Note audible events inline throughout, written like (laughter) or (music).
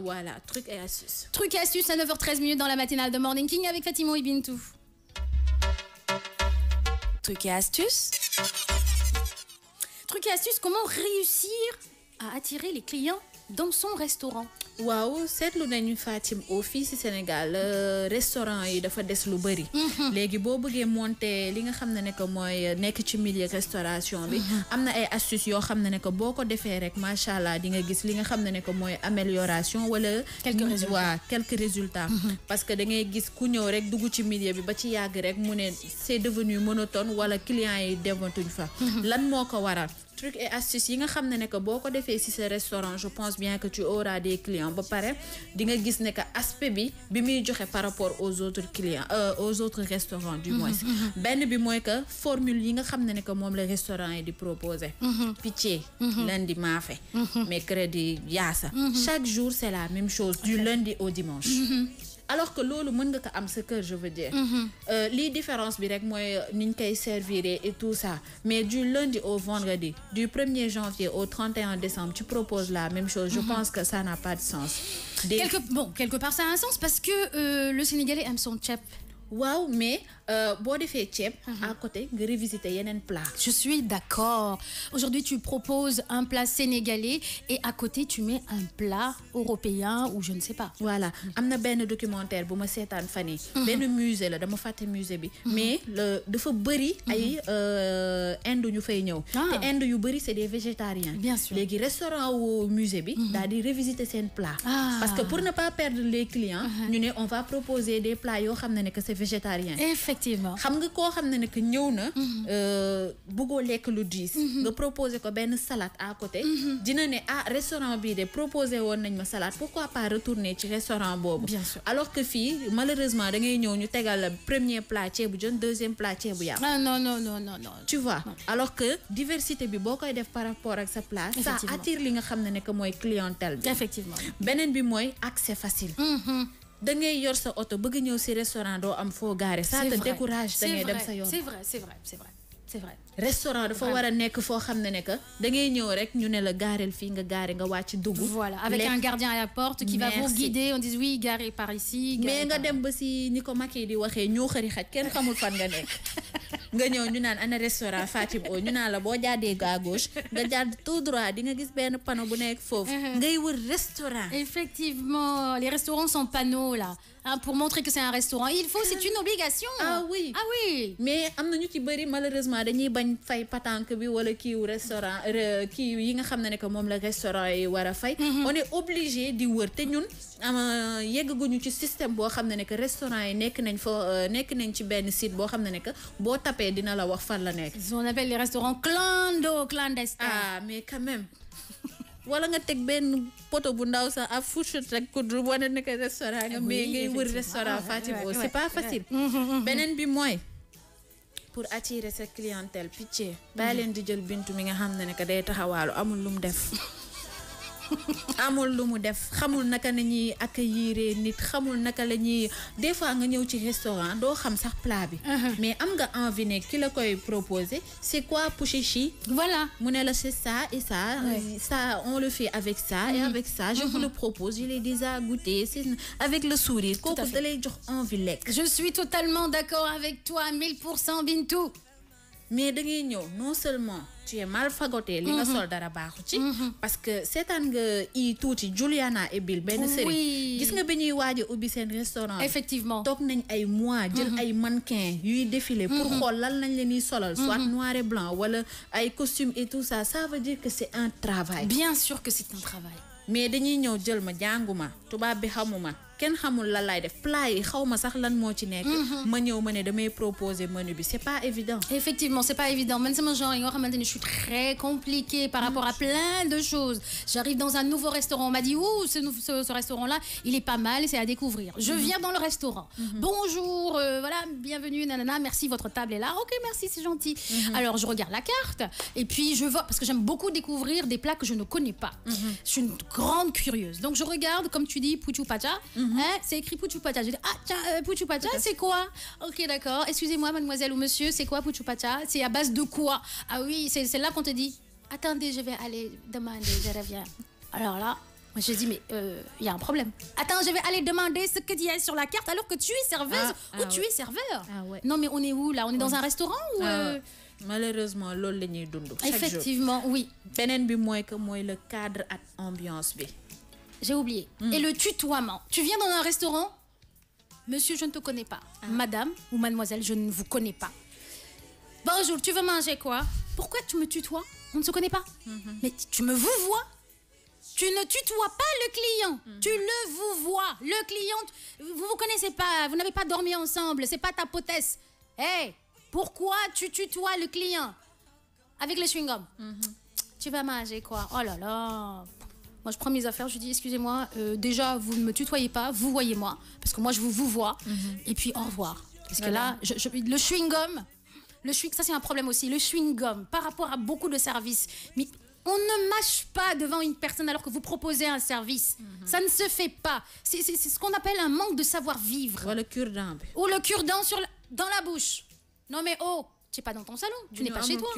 Voilà, truc et astuce. Truc et astuce à 9h13 minutes dans la matinale de Morning King avec Fatimo Ibintou. Truc et astuce. Truc et astuce, comment réussir à attirer les clients dans son restaurant waaw lu nañu Fatim au fii si Sénégal euh, restaurant yi dafa des lu bëri. Mhm. léegi boo bëggee monter li nga xam ne ne que mooy euh, nekk ci milieu restauration bi. Mhm. am na ay astuces yoo xam ne ne que boo ko defee rek macha allah di nga gis li nga xam ne ne que mooy amélioration wala. quelques résultats waaw quelques résultats. Mhm. parce que da ngay gis ku ñëw rek dugg ci milieu bi ba ci yàgg rek mu ne c'est devenu monotone wala client yi dematuñ fa. lan moo ko waral truc et astuce yi nga xamné ne que boko défé ci ce restaurant je pense bien que tu auras des clients ba paré di nga gis né que aspect bi bi muy joxé par rapport aux autres clients euh, aux autres restaurants du mm-hmm, moins ben bi moy que formule yi nga xamné ne que mom le restaurant yi di proposer mm-hmm. pitié lundi maafe mercredi yaasa chaque jour c'est la même chose du lundi au dimanche alors que l'autre, mën nga ko am que je veux dire mhm. euh, Les différences, bi rek moy niñ koy servir et tout ça mais du lundi au vendredi du 1er janvier au 31 décembre tu proposes la même chose je mhm. pense que ça n'a pas de sens quelque bon quelque part ça a un sens parce que euh, le Sénégalais aime son cheap waaw mais euh, bon tu ceeb. à côté nga revisiter un plat. je suis d'accord aujourd'hui tu proposes un plat sénégalais et à côté tu mets un plat européen ou je ne sais pas. voilà y ben un documentaire bu ma un fan mhm. musée la dama musée bi. Mhm. mais dafa bëri. Mhm. ay un euh, ñu fay ñëw. Ah. te Inde yu c'est des végétariens. bien sûr Les restaurant ou musée bi. daal revisiter un plat. Ah. parce que pour ne pas perdre les clients. Uh-huh. on va proposer des plats yo, xam végétarien. effectivement xam nga ko que nous, on bëggoo lu diis. Mhm. nga proposé ko ben salade à côté. Mhm. dina né ah restaurant bi dé proposé won nañ salade pourquoi pas retourner ci restaurant bobu. bien sûr alors que fi malheureusement da ngay ñew ñu premier plat bu deuxième plat ah, non non non non non. tu vois alors que diversité bi bokay par rapport à sa place. ça attire li nga clientèle bi. effectivement Benen bi moy accès facile. Mhm da ngay yor sa auto bëgg ñëw si restaurant doo am foo gaare. ça te décourage da ngay dem sa yoon. c'est vrai c'est vrai c'est vrai c'est vrai. restaurant dafa war a nekk foo xam ne ne que da ngay ñëw rek ñu ne la gaareel fii nga gaare nga wàcc dugg. voilà avec un gardien à la porte. qui va vous guider on dit oui garer par ici. mais nga dem ba si ni ko Macky di waxee ñoo xëri xaj kenn xamul fan nga nekk. (laughs) nga ñëw ñu naan ana restaurant Fatim o ñu naan la bo jaade ga gauche nga jaad tout droit di nga gis ben panneau bu nek fofu eh, eh. ngay wër restaurant. effectivement les restaurants sont panneaux là. Hein, pour montrer que c'est un restaurant. Il faut, c'est une obligation. ah oui ah oui. mais am na ñu ci bëri malheureusement dañuy bañ fay patanque bi wala kiiw restaurant euh, ki yi nga xamné ne que mom la restaurant yi wara fay. Mhm. on est obligé di wër te ñun yeggaguñu ci système bo xamné ne que restaurant yi nekk nañ fa euh, nekk nañ ci ben site bo xamné ne que bo tapé dina la wax fan la nekk. on appelle les restaurants clando clandestins. ah mais quand même. wala nga teg benn poto bu ndaw sax ak fourchette rek kuddu wane ne que restaurant nga mais ngay wër restaurant Fatick boobu c'est pas facile. Mm, mm, mm, beneen bi mooy. pour attirer sa clientèle picc. bàyyi leen di jël bintu mi nga xam ne ne que day taxawaalu amul lu mu def. (laughs) amul lu mu def xamul naka la accueillir nit xamul naka la des fois nga ñëw ci restaurant doo xam sax plat bi. Uh-huh. mais am nga envie ne ki la koy proposer c'est quoi pouchichi. voilà mu ne la c'est ça et ça. Euh, ça on le fait avec ça et uh-huh. avec ça. je uh-huh. vous le propose je l'ai déjà goûté avec le sourire. kooku da lay jox envie lekk. je suis totalement d'accord avec toi 1000 pour cent Bintou mais da ñëw non seulement tu es mal fagoté li nga mm-hmm. sol dara baaxu ci mm-hmm. parce que seetaan nga i tuuti Juliana et Bill benn série gis nga bi ñuy ubbi seen restaurant effectivement toog nañ ay mois jël mm-hmm. ay mannequin yuy défilé pour xool lan lañ leen solal soit noir et blanc wala ay costume et tout ça ça veut dire que c'est un travail bien sûr que c'est un travail mais dañuy ñëw jël ma jànguma tubaab bi xamuma plat yi sax lan ci mm-hmm. proposer menu c'est pas évident. effectivement c'est pas évident genre je suis très compliquée par ah, rapport à plein de choses j'arrive dans un nouveau restaurant on m'a dit où ce, ce, restaurant là il est pas mal c'est à découvrir. je mm-hmm. viens dans le restaurant. Mm-hmm. bonjour euh, voilà bienvenue nanana merci votre table est là ok merci c'est gentil. alors je regarde la carte et puis je vois parce que j'aime beaucoup découvrir des plats que je ne connais pas. je suis une grande curieuse donc je regarde comme tu dis Poutou Pacha. Mhm. Hein, c'est écrit Puchupata. Je dit, ah tiens, euh, c'est quoi Ok, d'accord. Excusez-moi, mademoiselle ou monsieur, c'est quoi Puchupata C'est à base de quoi Ah oui, c'est là qu'on te dit, attendez, je vais aller demander, je reviens. Alors là, moi j'ai dit, mais il euh, y a un problème. Attends, je vais aller demander ce que tu elle sur la carte alors que tu es serveuse ah, ah ou tu es serveur. Ah non, mais on est où là On est dans un restaurant ou. Euh? malheureusement l'eau la dit. effectivement oui. Benen bi moins que le cadre ambiance j'ai oublié. Hmm. Et le tutoiement. Tu viens dans un restaurant, monsieur, je ne te connais pas. Ah. Madame ou mademoiselle, je ne vous connais pas. Bonjour, tu veux manger quoi Pourquoi tu me tutoies On ne se connaît pas. Mhm. Mais tu me vous vois tu ne tutoies pas le client, hmm. tu le vous vois. Le client, vous vous connaissez pas, vous n'avez pas dormi ensemble, c'est pas ta potesse. Hé, eh, pourquoi tu tutoies le client avec les chewing-gum mhm. Tu vas manger quoi Oh là là, moi, je prends mes affaires, je dis excusez-moi, euh, déjà, vous ne me tutoyez pas, vous voyez-moi, parce que moi, je vous, vous vois, mhm. et puis au revoir. Parce que là, je, le chewing-gum, le chewing, ça c'est un problème aussi, le chewing-gum, par rapport à beaucoup de services, mais on ne mâche pas devant une personne alors que vous proposez un service. Mhm. Ça ne se fait pas. C'est ce qu'on appelle un manque de savoir-vivre. Ou le cure-dent. Ou le cure-dent dans la bouche. Non mais oh, tu n'es pas dans ton salon, tu n'es pas chez toi.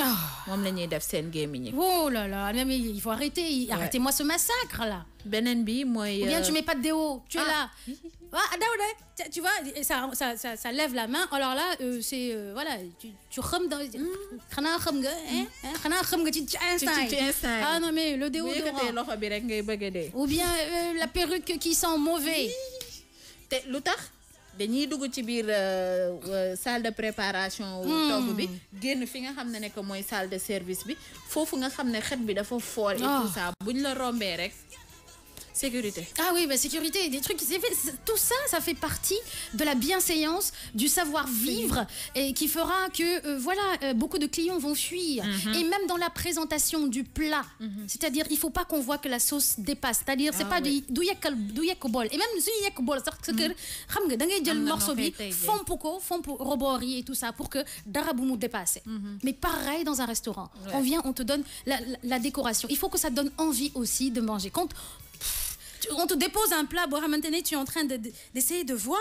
Ah. Oh la oh là là mais il faut arrêter arrêtez-moi ce massacre là. Ben moi. ou bien euh, tu mets pas de déo. tu es ah. là ah tu vois ça ça ça lève la main alors là euh, c'est euh, voilà tu tu dans ah non mais le déo. ou bien la perruque qui sent mauvais. te dañuy dugg ci biir euh, euh, salle de préparation. Hmm. togg bi génn fi nga xam ne nekk mooy salle de service bi foofu nga xam ne xet bi dafa foor. et ah. tout ça buñ la rombee rek. Ah oui, la bah, sécurité, des trucs. Tout ça, ça fait partie de la bienséance, du savoir-vivre, et qui fera que, euh, voilà, euh, beaucoup de clients vont fuir. Mhm. Et même dans la présentation du plat, mhm. c'est-à-dire, il faut pas qu'on voit que la sauce dépasse. C'est-à-dire, c'est ah pas du « du douillek bol. Et même douillek bol, c'est que, mhm. xam nga, da le morceau bi, pour et tout ça, pour que daraboumou dépasse. Mais pareil dans un restaurant. On vient, on te donne la, décoration. Il faut que ça donne envie aussi de manger. Quand on te dépose un plat, Bora, maintenant tu es en train d'essayer de, voir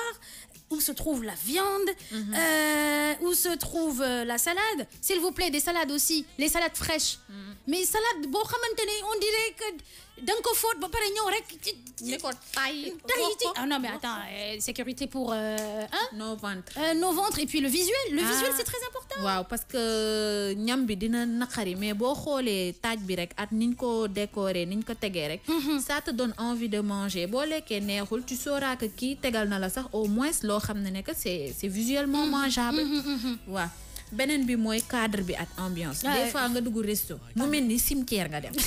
où se trouve la viande, mhm. euh, où se trouve euh, la salade. S'il vous plaît, des salades aussi, les salades fraîches. Mhm. Mais salade, bon, on dirait que d'un que faute, bon, pareil, on Ah non, mais attends, euh, sécurité pour euh, hein? nos ventres. Euh, nos ventres, et puis le visuel. Le ah. visuel, c'est très important. Waouh, parce que ñam bi dina nakari, mais bon, les taj bi rek at niñ ko décorer, niñ mhm. ça te donne envie de manger. Bo les neexul, tu sauras que qui tégal na la sax au moins lo c'est visuellement mm-hmm, mangeable Ben mm-hmm, mm-hmm. benen bi mooy cadre bi ak ambiance des fois nga dugg resto mu mel ni cimetière nga dem (laughs)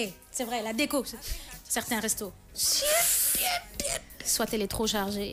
eh c'est vrai la déco certains restos soit elle est trop chargée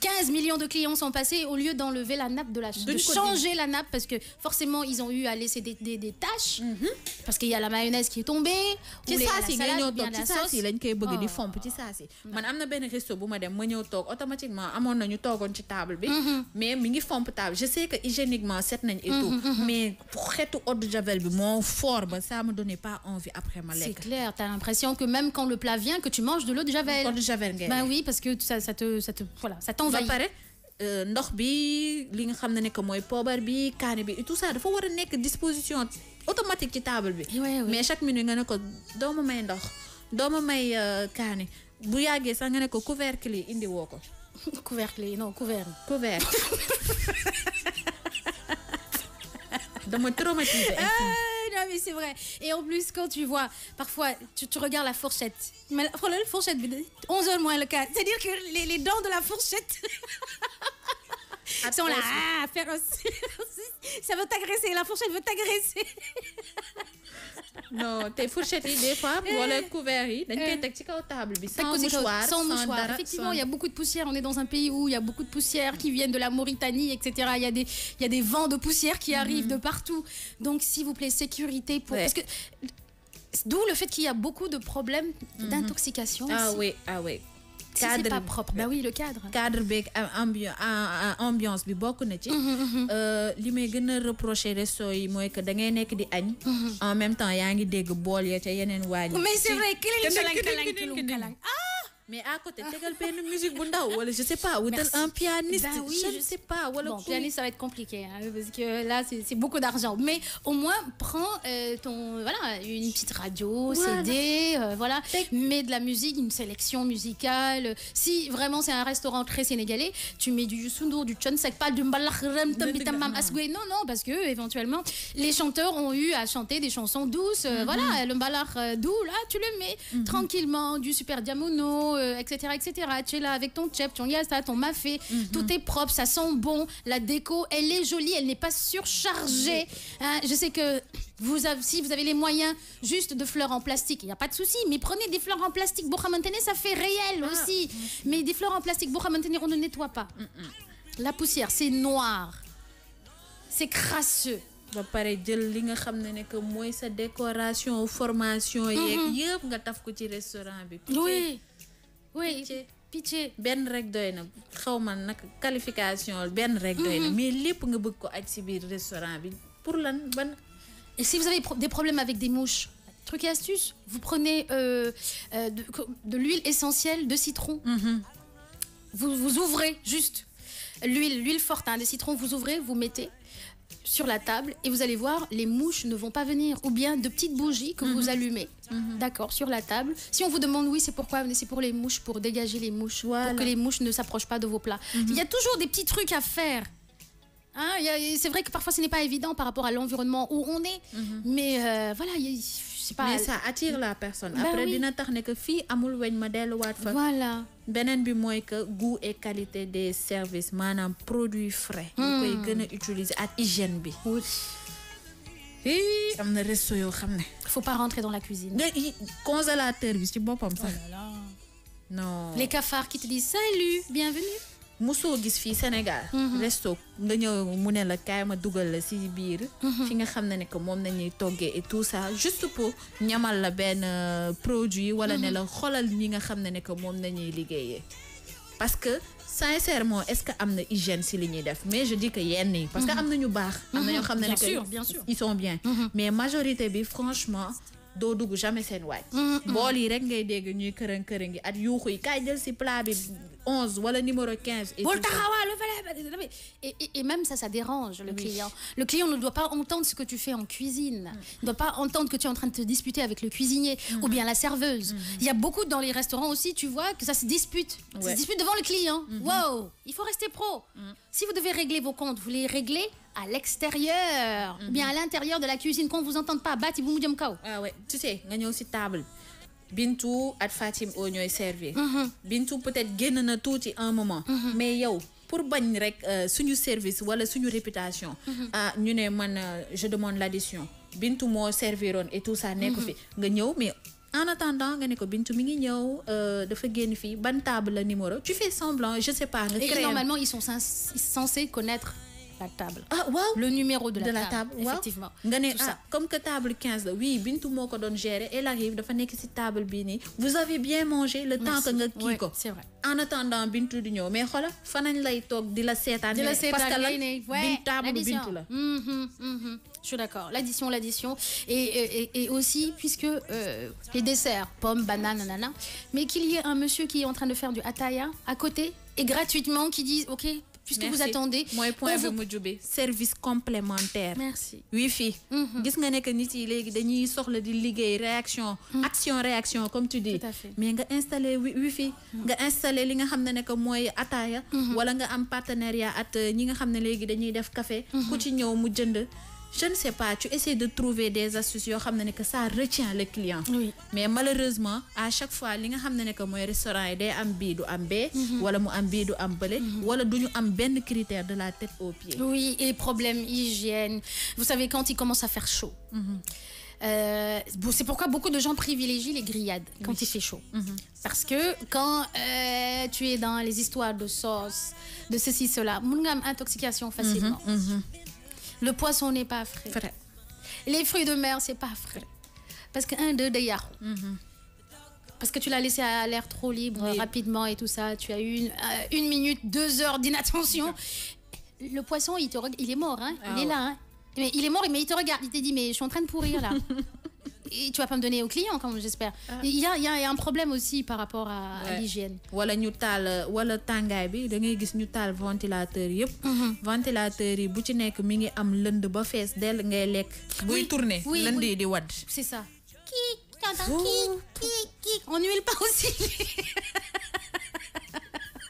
15 millions de clients sont passés au lieu d'enlever la nappe de la de, de changer la nappe parce que forcément ils ont eu à laisser des, des, des tâches mhm. parce qu'il y a la mayonnaise qui est tombée C'est ça, c'est nga la toog ci saa si lañ koy bëgg di fomp ci c'est man amna ben resto bu ma dem ma ñëw tok automatiquement amon nañu togon ci table bi mhm. mais mi ngi table je sais que hygiéniquement set nañ et tout mhm, mais xeetu eau de javel bi fort ba ça me donnait pas envie après ma lekk c'est clair Tu as l'impression que même quand le plat vient que tu manges de l'eau de javel bah oui parce que ça ça te ça te voilà ça on va parler euh, ndox bi li nga bi bi tout ça disposition automatique table bi. mais chaque minute nga may may euh, bu sax nga indi (laughs) couvercle non couvert. couvert. (laughs) mais c'est vrai. Et en plus, quand tu vois, parfois, tu, regardes la fourchette. Mais la fourchette, 11 moins le cas. C'est-à-dire que les dents de la fourchette. (laughs) Attends là, ah, (laughs) aussi, Ça veut t'agresser, la fourchette veut t'agresser. (laughs) non, tes fourchettes, des fois, pour euh, le couvrir, euh, table, sans Sans mouchoir. Effectivement, il y a beaucoup de poussière. On est dans un pays où il y a beaucoup de poussière qui viennent de la Mauritanie, etc. Il y a des, y des vents de poussière qui arrivent mhm. de partout. Donc, s'il vous plaît, sécurité pour. D'où le fait qu'il y a beaucoup de problèmes mhm. d'intoxication. Ah oui, ah oui si pas propre bah oui le cadre. cadre avec ambiance ambiance bi bokk na ci. Mm-hmm, mm-hmm. Euh, li may gëna reprocher resto yi que da ngay nekk di añ. Mm-hmm. en même temps yaa ngi dégg bol ya ca yenen waa mais c'est vrai mais à côté une musique je sais pas un pianiste ben oui, je ne sais pas Un pianiste ça va être compliqué hein, parce que là c'est beaucoup d'argent mais au moins prends euh, ton voilà une petite radio CD voilà euh, mets de la musique une sélection musicale si vraiment c'est un restaurant très sénégalais tu mets du Youssou du Chonsek pas du Mbalarem Asgwe non non parce que éventuellement les chanteurs ont eu à chanter des chansons douces euh, mm-hmm. voilà le Mbalakh doux là tu le mets mm-hmm. tranquillement du Super Diamono etc., euh, etc. Tu es là avec ton chef, tu as ça, ton mafé, mhm. tout est propre, ça sent bon, la déco, elle est jolie, elle n'est pas surchargée. Hein, je sais que vous avez, si vous avez les moyens juste de fleurs en plastique, il n'y a pas de souci, mais prenez des fleurs en plastique. maintenir ça fait réel ah. aussi. Mais des fleurs en plastique, maintenir on ne nettoie pas. Mm, mm. La poussière, c'est noir. C'est crasseux. li sa décoration formation. oui oui pitié benn rek doy na xaw ma nag qualification ben rek doy na mhm. mais lepp nga bëgg ko aj ci biir restaurant bi pour lan ban. et si vous avez des problèmes avec des mouches truc et astuce vous prenez euh, euh de, de l'huile essentielle de citron. Mhm. vous vous ouvrez juste l'huile l'huile forte hein, de citron vous ouvrez vous mettez sur la table et vous allez voir, les mouches ne vont pas venir. Ou bien de petites bougies que vous mhm. allumez. Mhm. D'accord, sur la table. Si on vous demande, oui, c'est pourquoi C'est pour les mouches, pour dégager les mouches, pour que les mouches ne s'approchent pas de vos plats. Mhm. Il y a toujours des petits trucs à faire. Hein, c'est vrai que parfois ce n'est pas évident par rapport à l'environnement où on est. Mais euh, voilà, mais ça attire la personne ben après dina tax ne que fii amul weñ ma delluwaat fa voilà Benen bi moy que goût et qualité des services manam produits frais ñu koy hmm. gën utiliser at hygiène bi am na resto yo xam faut pas rentrer dans la cuisine congélateur bi ci comme ça. Oh non les cafards qui te disent salut bienvenue musoo gis fii Sénégal. Mhm. resto nga ñëw mu ne la kaay ma dugal la si biir. Mhm. fi nga xam ne ne que moom nañuy toggee et tout ça juste pour ñamal la benn euh, produit. wala ne mhm. la xolal ñi nga xam ne ne que moom nañuy liggéeyee. parce que sincèrement est-ce que am na hygiène si li ñuy def mais je dis que yenn yi. parce que am na ñu baax. am na ñoo xam ne ne que ils sont bien. mais majorité bi franchement. doo dugg jamais seen waay. bool yi rek ngay dégg ñuy kërën kërën gi at yuuxu yi kaay jël si plat bi. 11 le numéro bah, bah, bah, 15. Et, même ça, ça dérange le client. Le client ne doit pas entendre ce que tu fais en cuisine. ne mm. doit pas entendre que tu es en train de te disputer avec le cuisinier mm. ou bien la serveuse. Mm. Il y a beaucoup dans les restaurants aussi, tu vois, que ça se dispute. Ça se dispute devant le client. Mm-hmm. Wow, il faut rester pro. Si vous devez régler vos comptes, vous les réglez à l'extérieur ou bien mm-hmm. à l'intérieur de la cuisine qu'on ne vous entende pas. bâti vous Ah ouais, tu sais, gagner aussi table. Bintou et Fatim oo ñooy servir. Mhm. Bintu peut-être génn na tuuti un moment. Mhm. mais yow pour bagn rek euh, suñu service wala suñu réputation. Mhm. ah ñu ne man euh, je demande l'addition Bintou mo serviron et tout ça. nekk fi nga mais. en attendant nga ne ko Bintu mi ngi euh dafa table numéro tu fais semblant je sais pas. Et que normalement ils sont censés connaître la table. Ah, le numéro de la. table effectivement. Ah, comme que table 15 oui Bintou Moko donne gérer elle arrive dafa que ci table bini. vous avez bien mangé le temps que vous quittons. c'est vrai en attendant Bintou di mais voilà, fanan laitog de la année. De la Bin parce que lan table Mm -hmm. Je suis d'accord. L'addition, l'addition. Et, aussi, puisque euh, les desserts, pommes, bananes, nanana, mais qu'il y ait un monsieur qui est en train de faire du ataya à côté et gratuitement qui dit, OK, puisque vous attendez. Moi, point service complémentaire. Merci. wi mhm. gis nga nek nit yi léegi dañuy soxla di liggéey réaction. Mhm. action réaction comme tu dis. Tout à fait. mais nga installé wifi mhm. nga installer li nga xamné nek moy ataya wala nga am partenariat at ñi nga xamné ne dañuy def café. ku ci ñëw mu jënd je ne sais pas tu essaies de trouver des astuces yo, que ça retient le client oui. mais malheureusement à chaque fois li nga que mon restaurant est am un du am un mhm. wala mu am du am mhm. critère de la tête aux pieds oui et problème hygiène vous savez quand il commence à faire chaud mhm. euh, c'est pourquoi beaucoup de gens privilégient les grillades quand il fait chaud. Parce que quand euh, tu es dans les histoires de sauce, de ceci, cela, une intoxication facilement. Le poisson n'est pas frais. Les fruits de mer, c'est pas frais. Parce qu'un d'eux, des Mm Parce que tu l'as laissé à l'air trop libre rapidement et tout ça. Tu as eu une, minute, deux heures d'inattention. (laughs) Le poisson, il, te, il est mort, hein. il ah est là. Hein. Mais il est mort, mais il te regarde. Il te dit, mais je suis en train de pourrir là. (laughs) et tu vas pas me donner aux clients, comme j'espère. Ah. Il y a, y a un problème aussi par rapport à, ouais. à l'hygiène. voilà ñu taal wala tàngaay bi da ngay gis ñu taal ventilateur yëpp. Mhm. ventilateur yi bu ci nek mi ngi am leund ba fess del ngay lek buy tourner leund yi di wad c'est ça. qui qui qui on n'huile pas aussi. (laughs)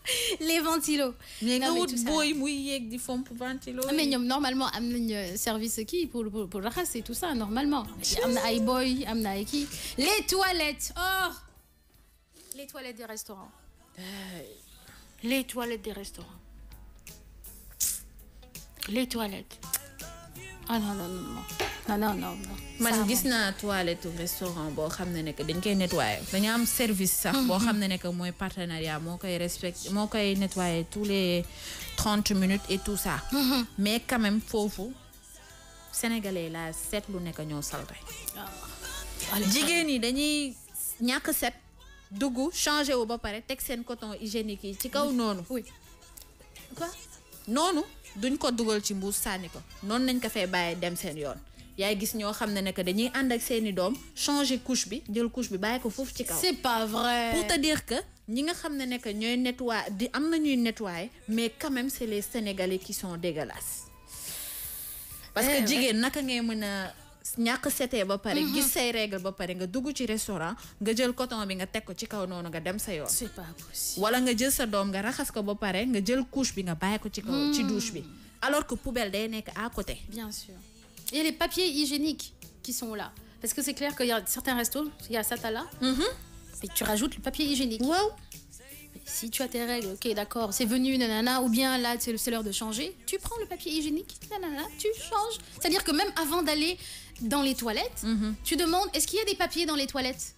(laughs) les ventilos. mais nga wut booy avec des di pour ventilos. mais normalement am nañu euh, service qui pour pour pour race et tout ça normalement. am boy, ay booy les toilettes oh les toilettes des restaurants. Euh, les toilettes des restaurants. les toilettes. ah non non non non non non non. man gis naa toilette restaurant boo xam ne nekk dañ koy nettoyer dañu am service sax. Mm-hmm. boo xam ne nekk mooy partenariat moo koy respect moo koy nettoyer tous les 30 minutes et tout ça. Mm-hmm. mais quand même foofu sénégalais la set lu nekk ñoo salte. Ah. jigéen ñi dañuy ñàkk set dugg changé wu ba pare teg seen coton hygiénique yi ci kaw noonu. noonu duñ ko dugal ci mbuus sànni ko noonu nañ ko fee bàyyi dem seen yoon yaay gis ñoo xamné nek dañuy and ak seeni doom changer couche bi jël couche bi bayiko fofu ci kaw. c'est pas vrai pour te dire que ñi nga xamné nek ñoy que nettoyer di am na ñuy nettoyer mais quand même c'est les Sénégalais qui sont dégueulasses. parce que eh, jigéen naka ngay mën a ñàkk setee ba paré mm-hmm. gis say règle ba paré nga dugg ci restaurant nga jël coton bi nga tek ko ci kaw noonu nga dem sa yoon. c'est pas possible. wala nga jël sa dom nga raxas ko ba paré nga jël couche bi nga bayiko ci kaw. ci mm. douche bi alors que poubelle day nek à côté. bien sûr et les papiers hygiéniques qui sont là. Parce que c'est clair qu'il y a certains restos, il y a Satala, mhm. et tu rajoutes le papier hygiénique. Wow. Si tu as tes règles, ok, d'accord, c'est venu, nanana, ou bien là, c'est l'heure de changer, tu prends le papier hygiénique, nanana, tu changes. C'est-à-dire que même avant d'aller dans les toilettes, mhm. tu demandes est-ce qu'il y a des papiers dans les toilettes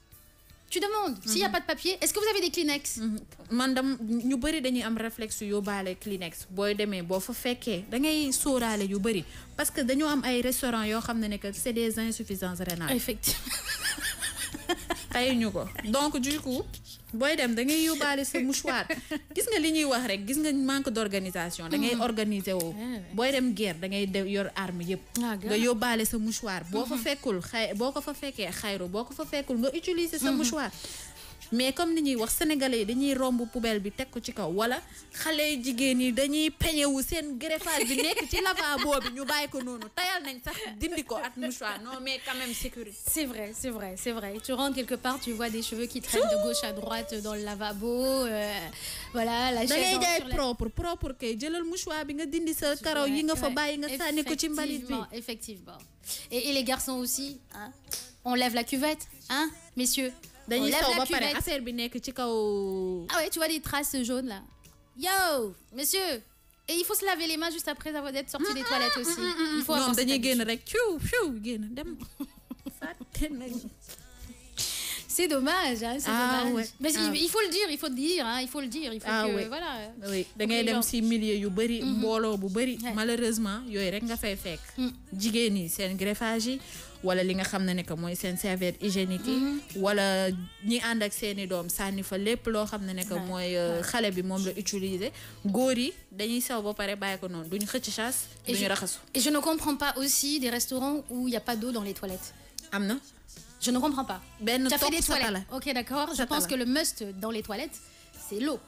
tu demandes s'il n'y a mhm. pas de papier est-ce que vous avez des Kleenex. Mhm. Madame, ñu réflexes dañuy am réflexe yóbbaale Kleenex Boy Kleenex, bo fa féké da ngay sóoraale yu bari parce que nous am ay restaurants yo xamné que c'est des insuffisances rénales. effectivement. donc du coup. booy dem da ngay yóbbaale sa mouchoir (laughs) gis nga li ñuy wax rek gis nga manque d'organisation da ngay mm-hmm. organiser woo eh, booy dem guerre da ngay de yor arme yëpp ah, nga yóbbaale sa mouchoir boo fa mm-hmm. fekkul xay boo ko fa fekkee xayru boo ko fa fekkul nga utiliser sa mm-hmm. mouchoir mais comme ni ñuy wax sénégalais dañuy rombu poubelle bi tek ko ci kaw wala xalé jigéen ni dañuy peñewu seen greffage bi nekk ci lavabo bi ñu bay ko nonu tayal nañ sax dindi ko at mouchoir non mais quand même sécurité. c'est vrai c'est vrai c'est vrai tu rentres quelque part tu vois des cheveux qui traînent de gauche à droite dans le lavabo euh, voilà la chaise. da propre propre kay jëlal mouchoir bi nga dindi sa karaw yi nga fa bay nga sànni ko ci mbalit bi effectivement et, et les garçons aussi hein on lève la cuvette hein messieurs dañuy sow ba pare affaire bi nekk ci ah ouais tu vois les traces jaunes là. yo monsieur. et il faut se laver les mains juste après avoir d'être sorti des toilettes aussi. il faut non dañuy génn rek fiu fiu génn dem. (laughs) C'est dommage, hein, c'est ah, dommage. Ouais. Mais ah. il faut le dire, il faut le dire, hein, il faut le dire, il faut ah, que ah oui. voilà. Oui, da ngay dem si milieu yu bëri mhm. mbooloo bu bëri malheureusement yooyu rek nga fay fekk. Mm. Jigeni, ñi seen greffage wala li nga xam ne ne que mooy seen serviette hygiénique yi mm-hmm. wala ñi ànd ak seeni doom sànni fa lépp loo xam ne ne que mooy euh, xale bi moom la utiliser góor yi dañuy saw ba pare bàyyi ko noonu duñu xëcc chasse duñu raxasu et je ne comprends pas aussi des restaurants où il n'y a pas d'eau dans les toilettes am na je ne comprends pas ben tu as fait des toilettes ok d'accord je pense que le must dans les toilettes c'est l'eau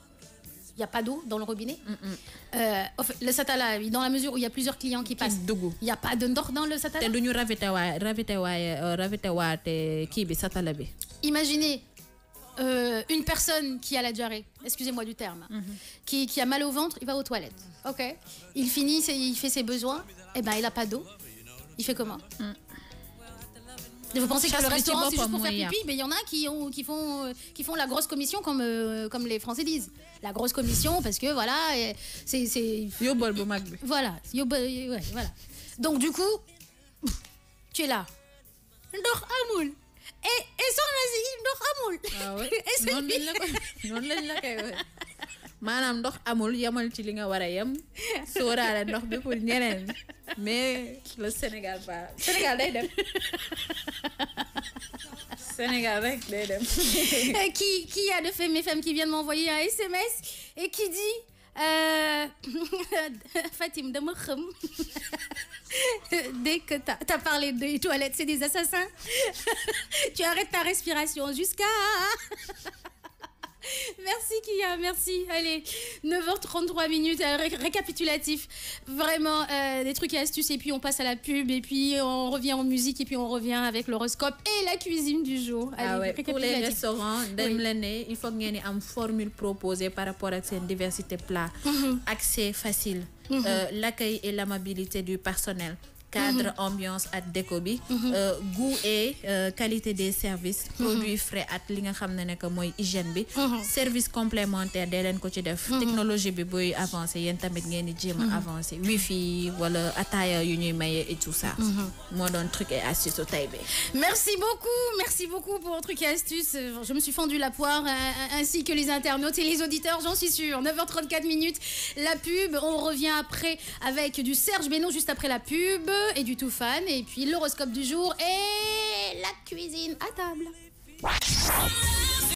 il n'y a pas d'eau dans le robinet. Mm, mm. Euh, le satala, dans la mesure où il y a plusieurs clients qui passent, il n'y a pas de dans le satala. Imaginez euh, une personne qui a la diarrhée, excusez-moi du terme, mm-hmm. qui, qui, a mal au ventre, il va aux toilettes. Ok. Il finit, il fait ses besoins, et eh ben il n'a pas d'eau. Il fait comment mm. Vous pensez que le restaurant, c'est juste pour faire pipi, mais il y en a qui, font, qui font la grosse commission, comme, comme les Français disent. La grosse commission, parce que voilà, c'est. Yo Voilà, voilà. Donc, du coup, tu es là. Ndor Amoul. Et, et ndor Amoul. Ah ouais. non, non maanaam ndox amul yemal ci li nga war a yem sóoraale ndox bi pour ñeneen mais le Sénégal ba Sénégal day dem Sénégal rek day dem. Euh, qui qui a de mes femmes qui viennent m'envoyer un SMS et qui dit euh, (laughs) Fatim dama xam dès que t'as as parlé de toilettes c'est des assassins (laughs) tu arrêtes ta respiration jusqu'à (laughs) Merci Kia, merci. Allez, 9h33 minutes, euh, récapitulatif. Vraiment euh, des trucs et astuces et puis on passe à la pub et puis on revient en musique et puis on revient avec l'horoscope et la cuisine du jour. Ah pour les restaurants, oui. il faut y ait une formule proposée par rapport à cette oh. diversité plat. Mm-hmm. Accès facile, mm-hmm. euh, l'accueil et l'amabilité du personnel cadre mhm. ambiance à déco mhm. euh, goût et euh, qualité des services mhm. produits frais et li nga moi service complémentaire technologie bi wifi et tout ça moi donne un truc et astuce au merci beaucoup merci beaucoup pour truc et astuce je me suis fendu la poire euh, ainsi que les internautes et les auditeurs j'en suis sûre 9h34 minutes la pub on revient après avec du Serge Benoît juste après la pub et du tout fan. Et puis l'horoscope du jour et la cuisine à table.